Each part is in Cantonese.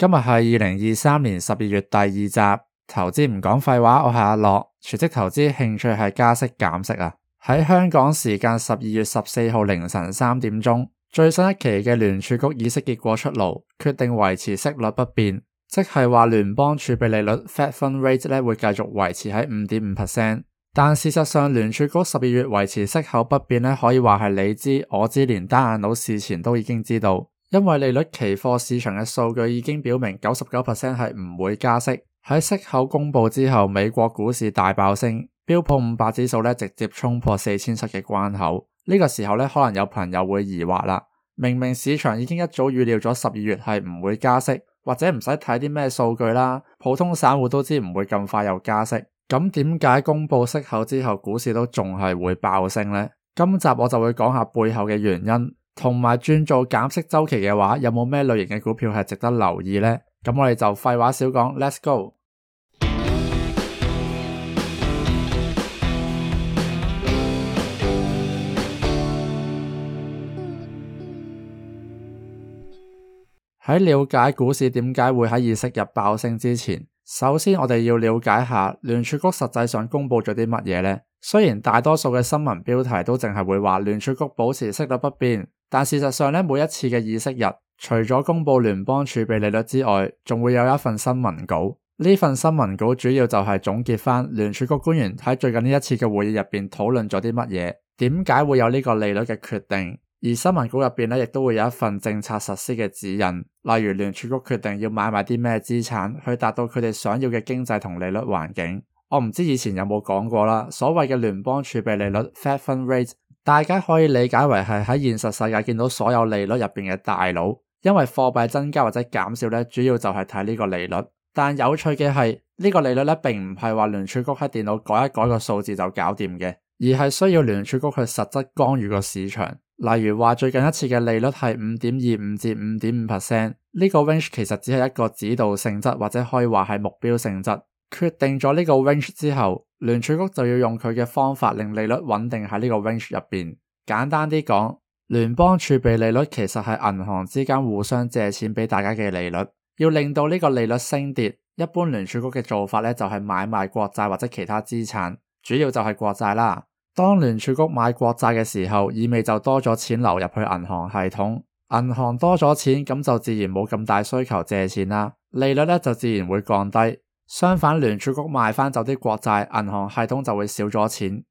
今日係二零二三年十二月第二集，投資唔講廢話，我係阿樂，全職投資，興趣係加息減息啊！喺香港時間十二月十四號凌晨三點鐘，最新一期嘅聯儲局議息結果出爐，決定維持息率不變，即係話聯邦儲備利率 Fed Fund Rate 咧會繼續維持喺五點五 percent。但事實上，聯儲局十二月維持息口不變，可以話係你知我知，連單眼佬事前都已經知道。因為利率期貨市場嘅數據已經表明九十九 percent 係唔會加息。喺息口公佈之後，美國股市大爆升，標普五百指數咧直接衝破四千七嘅關口。呢個時候咧，可能有朋友會疑惑啦，明明市場已經一早預料咗十二月係唔會加息，或者唔使睇啲咩數據啦，普通散戶都知唔會咁快又加息。咁點解公佈息口之後，股市都仲係會爆升呢？今集我就會講下背後嘅原因。同埋轉做減息週期嘅話，有冇咩類型嘅股票係值得留意呢？咁我哋就廢話少講，Let's go。喺了解股市點解會喺議息日爆升之前，首先我哋要了解下聯儲局實際上公佈咗啲乜嘢呢？雖然大多數嘅新聞標題都淨係會話聯儲局保持息率不變。但事實上咧，每一次嘅議息日，除咗公布聯邦儲備利率之外，仲會有一份新聞稿。呢份新聞稿主要就係總結翻聯儲局官員喺最近呢一次嘅會議入邊討論咗啲乜嘢，點解會有呢個利率嘅決定。而新聞稿入邊咧，亦都會有一份政策實施嘅指引，例如聯儲局決定要買埋啲咩資產，去達到佢哋想要嘅經濟同利率環境。我唔知以前有冇講過啦，所謂嘅聯邦儲備利率 （Federal Funds Rate）。大家可以理解為係喺現實世界見到所有利率入邊嘅大佬，因為貨幣增加或者減少咧，主要就係睇呢個利率。但有趣嘅係，呢個利率咧並唔係話聯儲局喺電腦改一改個數字就搞掂嘅，而係需要聯儲局佢實質干預個市場。例如話最近一次嘅利率係五點二五至五點五 percent，呢個 range 其實只係一個指導性質或者可以話係目標性質。決定咗呢個 range 之後，聯儲局就要用佢嘅方法令利率穩定喺呢個 range 入邊。簡單啲講，聯邦儲備利率其實係銀行之間互相借錢俾大家嘅利率。要令到呢個利率升跌，一般聯儲局嘅做法咧就係買賣國債或者其他資產，主要就係國債啦。當聯儲局買國債嘅時候，意味就多咗錢流入去銀行系統，銀行多咗錢咁就自然冇咁大需求借錢啦，利率咧就自然會降低。相反，聯儲局賣翻走啲國債，銀行系統就會少咗錢，銀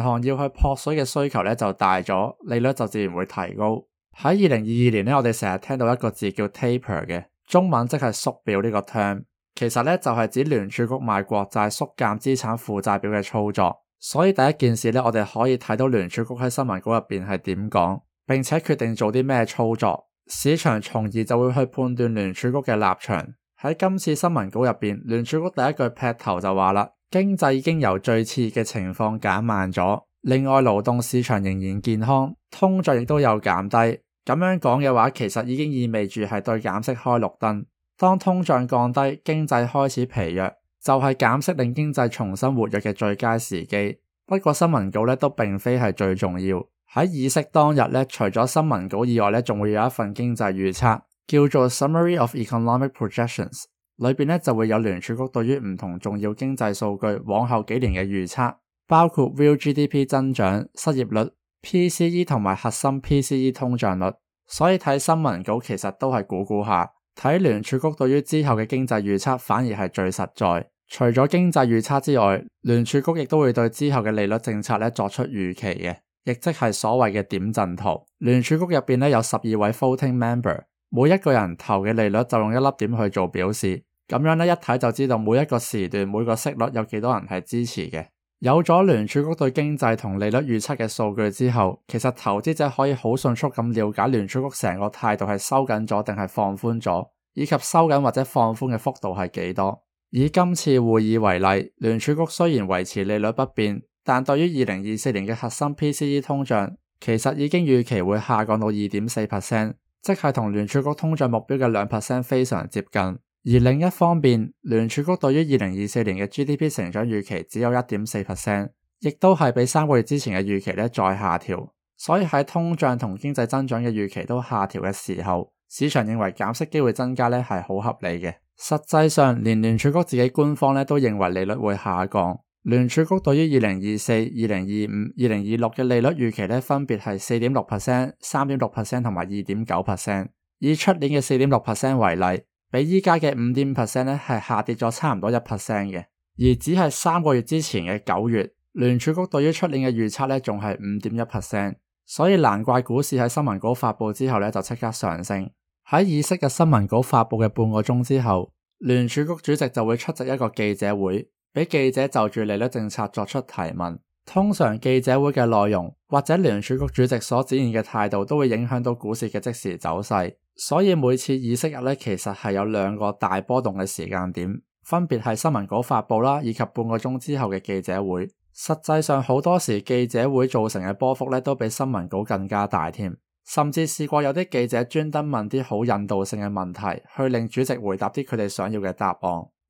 行要去撲水嘅需求咧就大咗，利率就自然會提高。喺二零二二年咧，我哋成日聽到一個字叫 taper 嘅，中文即係縮表呢個 term，其實咧就係指聯儲局賣國債縮減資產負債表嘅操作。所以第一件事咧，我哋可以睇到聯儲局喺新聞稿入邊係點講，並且決定做啲咩操作，市場從而就會去判斷聯儲局嘅立場。喺今次新聞稿入邊，聯儲局第一句劈頭就話啦，經濟已經由最次嘅情況減慢咗。另外，勞動市場仍然健康，通脹亦都有減低。咁樣講嘅話，其實已經意味住係對減息開綠燈。當通脹降低，經濟開始疲弱，就係減息令經濟重新活躍嘅最佳時機。不過新聞，新聞稿咧都並非係最重要。喺議息當日咧，除咗新聞稿以外咧，仲會有一份經濟預測。叫做 summary of economic projections，裏邊咧就會有聯儲局對於唔同重要經濟數據往後幾年嘅預測，包括 real GDP 增長、失業率、PCE 同埋核心 PCE 通脹率。所以睇新聞稿其實都係估估下，睇聯儲局對於之後嘅經濟預測反而係最實在。除咗經濟預測之外，聯儲局亦都會對之後嘅利率政策咧作出預期嘅，亦即係所謂嘅點陣圖。聯儲局入邊咧有十二位 voting member。每一個人投嘅利率就用一粒點去做表示，咁樣一睇就知道每一個時段每個息率有幾多人係支持嘅。有咗聯儲局對經濟同利率預測嘅數據之後，其實投資者可以好迅速咁了解聯儲局成個態度係收緊咗定係放寬咗，以及收緊或者放寬嘅幅度係幾多。以今次會議為例，聯儲局雖然維持利率不變，但對於二零二四年嘅核心 PCE 通脹，其實已經預期會下降到二點四 percent。即係同聯儲局通脹目標嘅兩 percent 非常接近，而另一方面，聯儲局對於二零二四年嘅 GDP 成長預期只有一點四 percent，亦都係比三個月之前嘅預期咧再下調，所以喺通脹同經濟增長嘅預期都下調嘅時候，市場認為減息機會增加咧係好合理嘅。實際上，連聯儲局自己官方咧都認為利率會下降。聯儲局對於二零二四、二零二五、二零二六嘅利率預期咧，分別係四點六 percent、三點六 percent 同埋二點九 percent。以出年嘅四點六 percent 為例，比依家嘅五點五 percent 咧係下跌咗差唔多一 percent 嘅。而只係三個月之前嘅九月，聯儲局對於出年嘅預測咧仲係五點一 percent，所以難怪股市喺新聞稿發布之後咧就即刻上升。喺議息嘅新聞稿發布嘅半個鐘之後，聯儲局主席就會出席一個記者會。俾記者就住利率政策作出提問，通常記者會嘅內容或者聯儲局主席所展現嘅態度，都會影響到股市嘅即時走勢。所以每次議息日咧，其實係有兩個大波動嘅時間點，分別係新聞稿發佈啦，以及半個鐘之後嘅記者會。實際上好多時記者會造成嘅波幅咧，都比新聞稿更加大添。甚至試過有啲記者專登問啲好引導性嘅問題，去令主席回答啲佢哋想要嘅答案。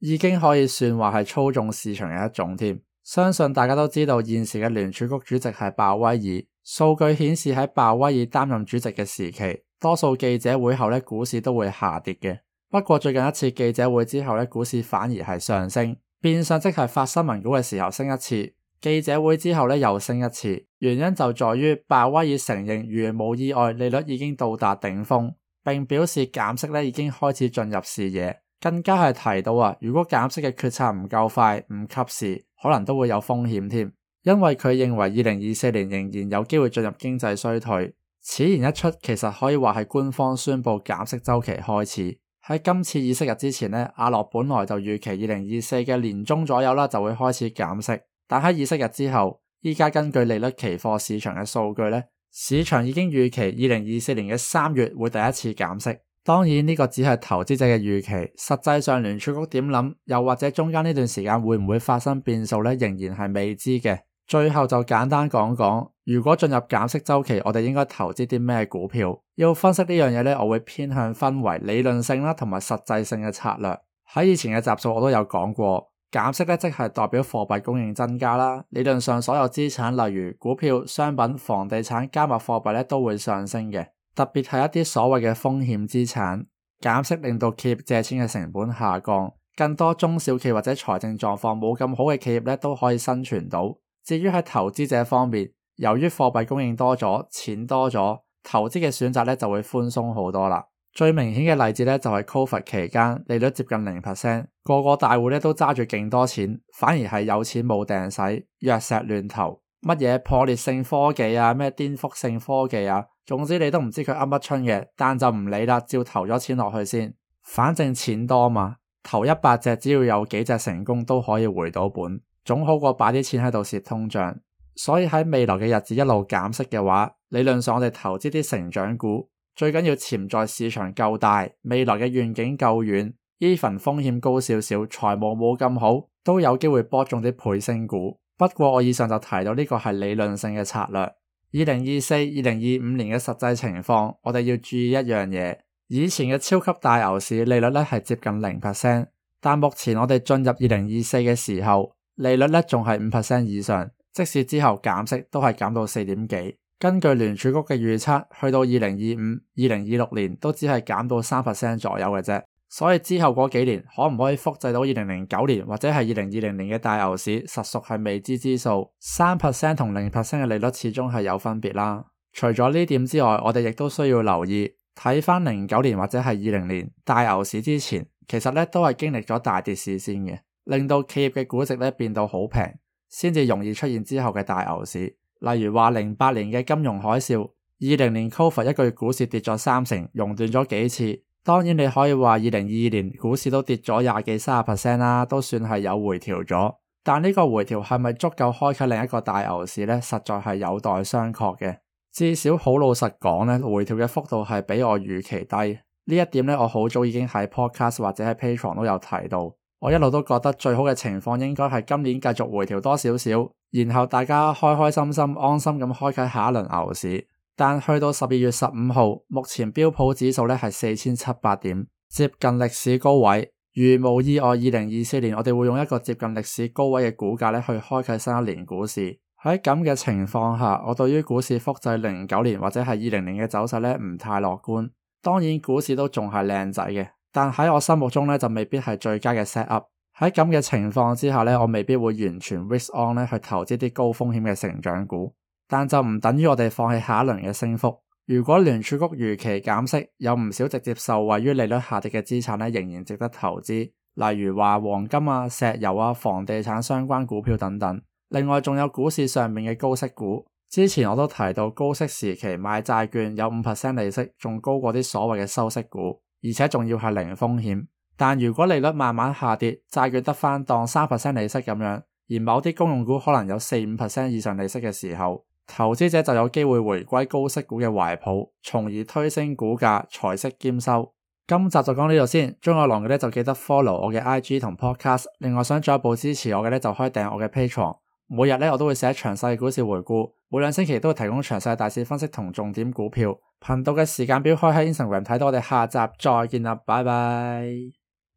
已經可以算話係操縱市場嘅一種添，相信大家都知道，現時嘅聯儲局主席係鮑威爾。數據顯示，喺鮑威爾擔任主席嘅時期，多數記者會後咧，股市都會下跌嘅。不過最近一次記者會之後咧，股市反而係上升，變相即係發新聞稿嘅時候升一次，記者會之後咧又升一次。原因就在於鮑威爾承認如冇意外，利率已經到達頂峰，並表示減息咧已經開始進入視野。更加係提到啊，如果減息嘅決策唔夠快、唔及時，可能都會有風險添。因為佢認為二零二四年仍然有機會進入經濟衰退。此言一出，其實可以話係官方宣布減息週期開始。喺今次議息日之前呢，阿樂本來就預期二零二四嘅年中左右啦就會開始減息，但喺議息日之後，依家根據利率期貨市場嘅數據呢，市場已經預期二零二四年嘅三月會第一次減息。當然，呢個只係投資者嘅預期，實際上聯儲局點諗，又或者中間呢段時間會唔會發生變數咧，仍然係未知嘅。最後就簡單講講，如果進入減息週期，我哋應該投資啲咩股票？要分析呢樣嘢咧，我會偏向分為理論性啦同埋實際性嘅策略。喺以前嘅集數我都有講過，減息咧即係代表貨幣供應增加啦。理論上所有資產，例如股票、商品、房地產、加密貨幣咧，都會上升嘅。特別係一啲所謂嘅風險資產減息，減令到企業借錢嘅成本下降，更多中小企或者財政狀況冇咁好嘅企業咧都可以生存到。至於喺投資者方面，由於貨幣供應多咗，錢多咗，投資嘅選擇咧就會寬鬆好多啦。最明顯嘅例子咧就係 Covid 期間，利率接近零 percent，個個大戶咧都揸住勁多錢，反而係有錢冇定使，藥石亂投。乜嘢破裂性科技啊？咩顛覆性科技啊？總之你都唔知佢噏乜春嘅，但就唔理啦，照投咗錢落去先，反正錢多嘛。投一百隻，只要有幾隻成功都可以回到本，總好過擺啲錢喺度蝕通脹。所以喺未來嘅日子一路減息嘅話，理論上我哋投資啲成長股，最緊要潛在市場夠大，未來嘅願景夠遠，even 風險高少少，財務冇咁好，都有機會搏中啲倍升股。不過我以上就提到呢個係理論性嘅策略。二零二四、二零二五年嘅實際情況，我哋要注意一樣嘢：以前嘅超級大牛市利率咧係接近零 percent，但目前我哋進入二零二四嘅時候，利率咧仲係五 percent 以上，即使之後減息都係減到四點幾。根據聯儲局嘅預測，去到二零二五、二零二六年都只係減到三 percent 左右嘅啫。所以之後嗰幾年可唔可以複製到二零零九年或者係二零二零年嘅大牛市，實屬係未知之數。三 percent 同零 percent 嘅利率始終係有分別啦。除咗呢點之外，我哋亦都需要留意，睇返零九年或者係二零年大牛市之前，其實呢都係經歷咗大跌市先嘅，令到企業嘅估值呢變到好平，先至容易出現之後嘅大牛市。例如話零八年嘅金融海嘯，二零年 Covid 一個月股市跌咗三成，熔斷咗幾次。當然，你可以話二零二二年股市都跌咗廿幾三十 percent 啦，都算係有回調咗。但呢個回調係咪足夠開啟另一個大牛市呢？實在係有待商榷嘅。至少好老實講呢，回調嘅幅度係比我預期低。呢一點呢，我好早已經喺 podcast 或者喺 Patreon 都有提到。我一路都覺得最好嘅情況應該係今年繼續回調多少少，然後大家開開心心、安心咁開啟下一輪牛市。但去到十二月十五號，目前標普指數咧係四千七百點，接近歷史高位。如無意外，二零二四年我哋會用一個接近歷史高位嘅股價咧去開啟新一年股市。喺咁嘅情況下，我對於股市複製零九年或者係二零年嘅走勢咧唔太樂觀。當然，股市都仲係靚仔嘅，但喺我心目中咧就未必係最佳嘅 set up。喺咁嘅情況之下咧，我未必會完全 risk on 咧去投資啲高風險嘅成長股。但就唔等於我哋放棄下一輪嘅升幅。如果聯儲局預期減息，有唔少直接受惠於利率下跌嘅資產咧，仍然值得投資，例如話黃金啊、石油啊、房地產相關股票等等。另外仲有股市上面嘅高息股。之前我都提到，高息時期買債券有五 percent 利息，仲高過啲所謂嘅收息股，而且仲要係零風險。但如果利率慢慢下跌，債券得翻當三 percent 利息咁樣，而某啲公用股可能有四五 percent 以上利息嘅時候。投資者就有機會回歸高息股嘅懷抱，從而推升股價，財息兼收。今集就講呢度先。鍾意我嘅咧就記得 follow 我嘅 IG 同 Podcast。另外想進一步支持我嘅咧就可以訂閱我嘅 Patreon。每日咧我都會寫詳細嘅股市回顧，每兩星期都會提供詳細大市分析同重點股票。頻道嘅時間表開喺 Instagram 睇到，我哋下集再見啦，拜拜。